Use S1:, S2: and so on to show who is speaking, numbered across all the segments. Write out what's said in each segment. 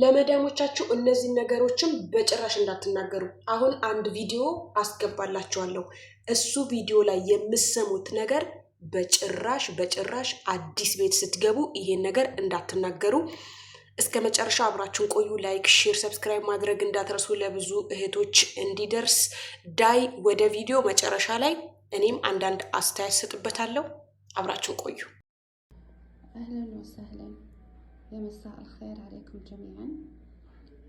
S1: ለመዳሞቻችሁ እነዚህ ነገሮችን በጭራሽ እንዳትናገሩ። አሁን አንድ ቪዲዮ አስገባላችኋለሁ። እሱ ቪዲዮ ላይ የምሰሙት ነገር በጭራሽ በጭራሽ አዲስ ቤት ስትገቡ ይሄን ነገር እንዳትናገሩ። እስከ መጨረሻ አብራችሁን ቆዩ። ላይክ፣ ሼር፣ ሰብስክራይብ ማድረግ እንዳትረሱ ለብዙ እህቶች እንዲደርስ። ዳይ ወደ ቪዲዮ መጨረሻ ላይ እኔም አንዳንድ አስተያየት ሰጥበታለሁ። አብራችሁን ቆዩ።
S2: يا مساء الخير عليكم جميعا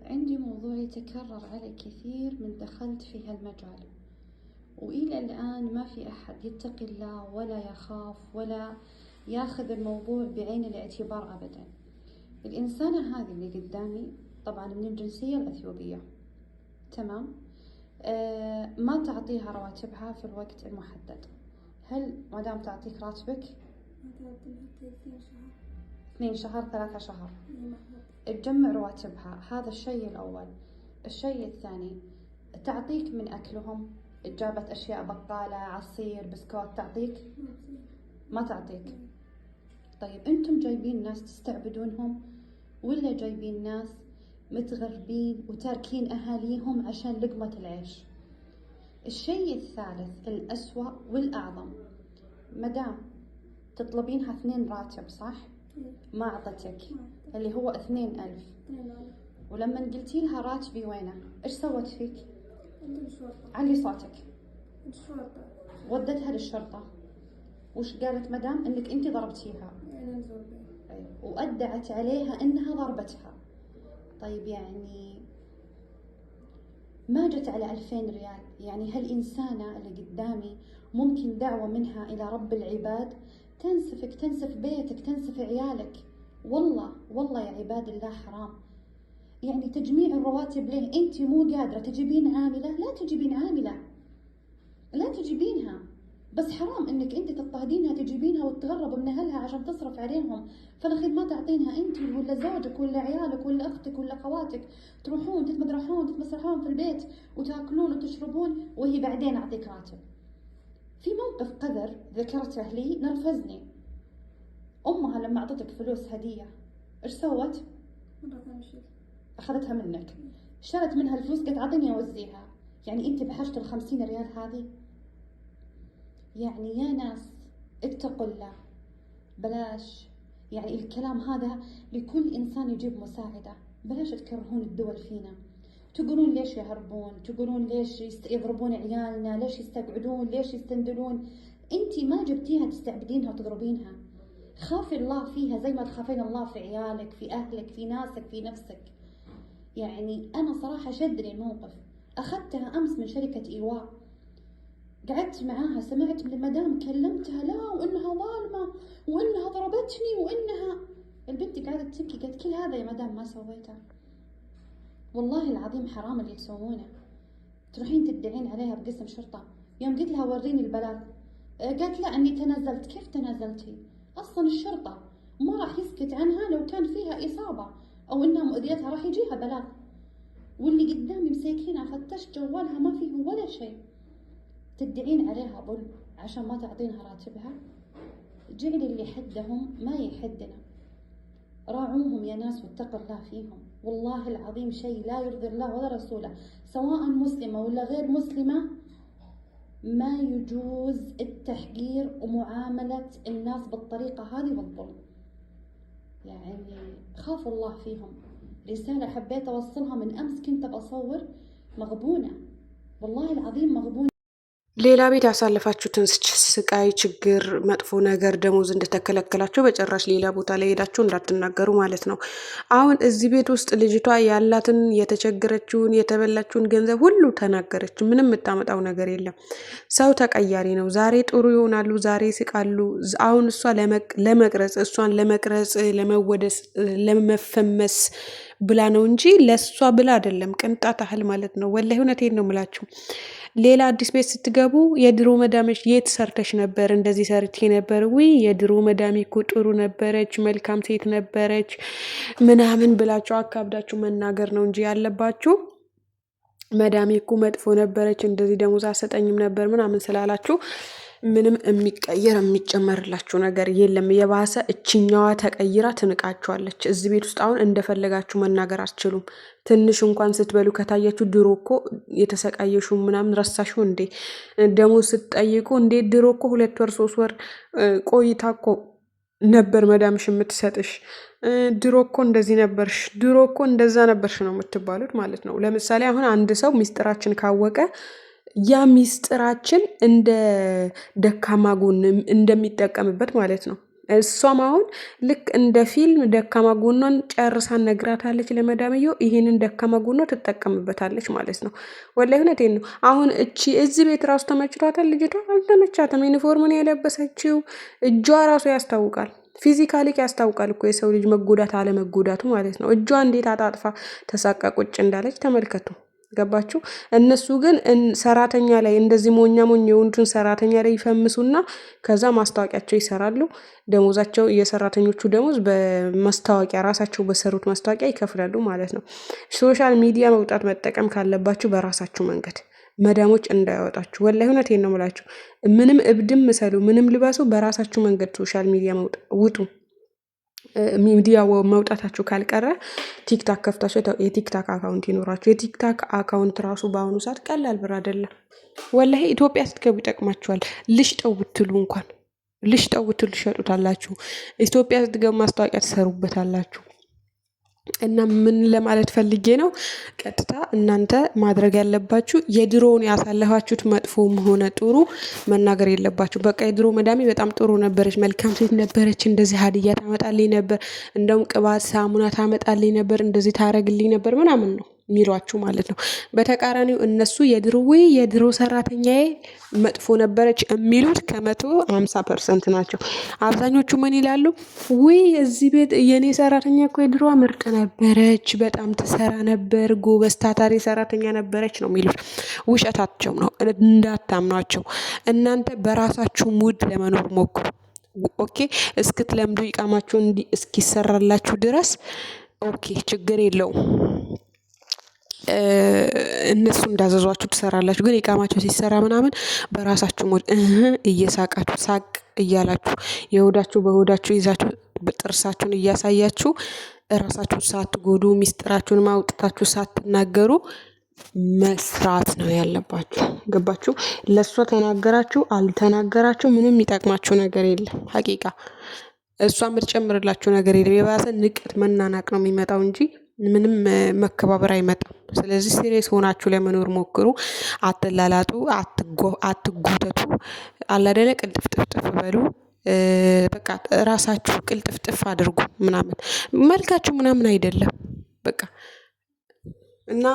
S2: عندي موضوع يتكرر علي كثير من دخلت في هالمجال وإلى الآن ما في أحد يتقي الله ولا يخاف ولا ياخذ الموضوع بعين الاعتبار أبدا الإنسانة هذه اللي قدامي طبعا من الجنسية الأثيوبية تمام آه ما تعطيها رواتبها في الوقت المحدد هل ما دام تعطيك راتبك
S3: ما تعطيها 30 شهر
S2: اثنين شهر ثلاثة شهر تجمع رواتبها هذا الشيء الأول الشيء الثاني تعطيك من أكلهم جابت أشياء بقالة عصير بسكوت تعطيك ما تعطيك طيب أنتم جايبين ناس تستعبدونهم ولا جايبين ناس متغربين وتاركين أهاليهم عشان لقمة العيش الشيء الثالث الأسوأ والأعظم مدام تطلبينها اثنين راتب صح ما اعطتك اللي هو 2000 ولما قلتي لها راتبي وينه ايش سوت فيك علي صوتك الشرطة ودتها للشرطة وش قالت مدام انك انت ضربتيها انا طيب، وادعت عليها انها ضربتها طيب يعني ما جت على 2000 ريال يعني هالإنسانة اللي قدامي ممكن دعوة منها إلى رب العباد تنسفك تنسف بيتك تنسف عيالك والله والله يا عباد الله حرام يعني تجميع الرواتب ليه انت مو قادره تجيبين عامله لا تجيبين عامله لا تجيبينها بس حرام انك انت تضطهدينها تجيبينها وتتغرب من اهلها عشان تصرف عليهم فالاخير ما تعطينها انت ولا زوجك ولا عيالك ولا اختك ولا اخواتك تروحون تتمدرحون تتمسرحون في البيت وتاكلون وتشربون وهي بعدين اعطيك راتب في موقف قذر ذكرته لي نرفزني أمها لما أعطتك فلوس هدية إيش سوت؟ أخذتها منك شالت منها الفلوس قالت عطيني أوزيها يعني أنت بحاجة الخمسين ريال هذه يعني يا ناس اتقوا الله بلاش يعني الكلام هذا لكل إنسان يجيب مساعدة بلاش تكرهون الدول فينا تقولون ليش يهربون تقولون ليش يضربون عيالنا ليش يستقعدون ليش يستندلون انت ما جبتيها تستعبدينها وتضربينها خافي الله فيها زي ما تخافين الله في عيالك في اهلك في ناسك في نفسك يعني انا صراحه شدني الموقف اخذتها امس من شركه ايواء قعدت معاها سمعت من المدام كلمتها لا وانها ظالمه وانها ضربتني وانها البنت قاعده تبكي قالت كل هذا يا مدام ما سويته والله العظيم حرام اللي تسوونه تروحين تدعين عليها بقسم شرطة يوم قلت لها وريني البلاغ آه، قالت لا اني تنازلت كيف تنازلتي اصلا الشرطة ما راح يسكت عنها لو كان فيها اصابة او انها مؤذيتها راح يجيها بلاغ واللي قدامي مسيكينها فتشت جوالها ما فيه ولا شيء تدعين عليها ظلم عشان ما تعطينها راتبها جعل اللي حدهم ما يحدنا راعوهم يا ناس واتقوا الله فيهم والله العظيم شيء لا يرضي الله ولا رسوله سواء مسلمة ولا غير مسلمة ما يجوز التحقير ومعاملة الناس بالطريقة هذه بالظلم يعني خافوا الله فيهم رسالة حبيت أوصلها من أمس كنت بصور مغبونة والله العظيم مغبونة
S1: ሌላ ቤት ያሳለፋችሁትን ስቃይ፣ ችግር፣ መጥፎ ነገር ደሞዝ እንደተከለከላቸው በጭራሽ ሌላ ቦታ ላይ ሄዳችሁ እንዳትናገሩ ማለት ነው። አሁን እዚህ ቤት ውስጥ ልጅቷ ያላትን የተቸገረችውን የተበላችውን ገንዘብ ሁሉ ተናገረች። ምንም የምታመጣው ነገር የለም። ሰው ተቀያሪ ነው። ዛሬ ጥሩ ይሆናሉ፣ ዛሬ ይስቃሉ። አሁን እሷ ለመቅረጽ እሷን ለመቅረጽ ለመወደስ፣ ለመፈመስ ብላ ነው እንጂ ለእሷ ብላ አይደለም። ቅንጣት ያህል ማለት ነው። ወላሂ እውነቴን ነው የምላችሁ። ሌላ አዲስ ቤት ስትገቡ የድሮ መዳመች የት ሰርተሽ ነበር? እንደዚህ ሰርቼ ነበር። ውይ የድሮ መዳሜ እኮ ጥሩ ነበረች፣ መልካም ሴት ነበረች ምናምን ብላችሁ አካብዳችሁ መናገር ነው እንጂ ያለባችሁ መዳሜ እኮ መጥፎ ነበረች፣ እንደዚህ ደሞዝ አሰጠኝም ነበር ምናምን ስላላችሁ ምንም የሚቀየር የሚጨመርላችሁ ነገር የለም። የባሰ እችኛዋ ተቀይራ ትንቃችኋለች። እዚህ ቤት ውስጥ አሁን እንደፈለጋችሁ መናገር አትችሉም። ትንሽ እንኳን ስትበሉ ከታያችሁ ድሮ እኮ የተሰቃየሹ ምናምን ረሳሹ እንዴ? ደግሞ ስትጠይቁ እንዴ ድሮ እኮ ሁለት ወር ሶስት ወር ቆይታ እኮ ነበር መዳምሽ የምትሰጥሽ። ድሮ እኮ እንደዚህ ነበርሽ፣ ድሮ እኮ እንደዛ ነበርሽ ነው የምትባሉት ማለት ነው። ለምሳሌ አሁን አንድ ሰው ሚስጥራችን ካወቀ ያ ሚስጥራችን እንደ ደካማ ጎን እንደሚጠቀምበት ማለት ነው። እሷም አሁን ልክ እንደ ፊልም ደካማ ጎኗን ጨርሳን ነግራታለች ለመዳምየው ይህንን ደካማ ጎኗ ትጠቀምበታለች ማለት ነው። ወላሂ እውነቴን ነው። አሁን እቺ እዚህ ቤት ራሱ ተመችቷታል ልጅቷ? አልተመቻትም። ዩኒፎርምን የለበሰችው እጇ ራሱ ያስታውቃል። ፊዚካሊ ያስታውቃል እኮ የሰው ልጅ መጎዳት አለመጎዳቱ ማለት ነው። እጇ እንዴት አጣጥፋ ተሳቃ ቁጭ እንዳለች ተመልከቱ። ገባችሁ? እነሱ ግን ሰራተኛ ላይ እንደዚህ ሞኛ ሞኝ የሆኑትን ሰራተኛ ላይ ይፈምሱና ከዛ ማስታወቂያቸው ይሰራሉ። ደሞዛቸው የሰራተኞቹ ደሞዝ በማስታወቂያ ራሳቸው በሰሩት ማስታወቂያ ይከፍላሉ ማለት ነው። ሶሻል ሚዲያ መውጣት መጠቀም ካለባችሁ በራሳችሁ መንገድ መዳሞች እንዳያወጣችሁ ወላሂ እውነቴን ነው የምላችሁ። ምንም እብድም ምሰሉ ምንም ልበሱ፣ በራሳችሁ መንገድ ሶሻል ሚዲያ ውጡ። ሚዲያ መውጣታችሁ ካልቀረ ቲክታክ ከፍታችሁ የቲክታክ አካውንት ይኖራችሁ። የቲክታክ አካውንት ራሱ በአሁኑ ሰዓት ቀላል ብር አይደለም። ወላ ኢትዮጵያ ስትገቡ ይጠቅማችኋል። ልሽጠው ብትሉ እንኳን ልሽጠው ብትሉ ትሸጡታላችሁ። ኢትዮጵያ ስትገቡ ማስታወቂያ ትሰሩበታላችሁ። እና ምን ለማለት ፈልጌ ነው? ቀጥታ እናንተ ማድረግ ያለባችሁ የድሮውን ያሳለፋችሁት መጥፎም ሆነ ጥሩ መናገር የለባችሁ። በቃ የድሮ መዳሜ በጣም ጥሩ ነበረች፣ መልካም ሴት ነበረች፣ እንደዚህ ሀዲያ ታመጣልኝ ነበር፣ እንደውም ቅባት ሳሙና ታመጣልኝ ነበር፣ እንደዚህ ታረግልኝ ነበር ምናምን ነው የሚሏችሁ ማለት ነው። በተቃራኒው እነሱ የድሮዌ የድሮ ሰራተኛዬ መጥፎ ነበረች የሚሉት ከመቶ አምሳ ፐርሰንት ናቸው። አብዛኞቹ ምን ይላሉ? ውይ እዚህ ቤት የእኔ ሰራተኛ እኮ የድሮ ምርጥ ነበረች፣ በጣም ትሰራ ነበር፣ ጎበዝ ታታሪ ሰራተኛ ነበረች ነው የሚሉት። ውሸታቸው ነው፣ እንዳታምኗቸው። እናንተ በራሳችሁ ሙድ ለመኖር ሞክሩ። ኦኬ እስክትለምዱ ይቃማችሁ እስኪሰራላችሁ ድረስ ኦኬ ችግር የለውም። እነሱ እንዳዘዟችሁ ትሰራላችሁ። ግን የቃማቸው ሲሰራ ምናምን በራሳችሁ ሞድ እየሳቃችሁ ሳቅ እያላችሁ የሆዳችሁ በሆዳችሁ ይዛችሁ ጥርሳችሁን እያሳያችሁ እራሳችሁን ሳትጎዱ ሚስጥራችሁን ማውጣታችሁ ሳትናገሩ መስራት ነው ያለባችሁ። ገባችሁ? ለእሷ ተናገራችሁ አልተናገራችሁ ምንም የሚጠቅማችሁ ነገር የለም። ሀቂቃ እሷ የምትጨምርላችሁ ነገር የለም። የባሰ ንቀት መናናቅ ነው የሚመጣው እንጂ ምንም መከባበር አይመጣም። ስለዚህ ሲሪየስ ሆናችሁ ለመኖር ሞክሩ። አትላላጡ አትጎተቱ አላደለ ቅልጥፍ ጥፍጥፍ በሉ። በቃ ራሳችሁ ቅልጥፍጥፍ አድርጉ ምናምን መልካችሁ ምናምን አይደለም። በቃ እና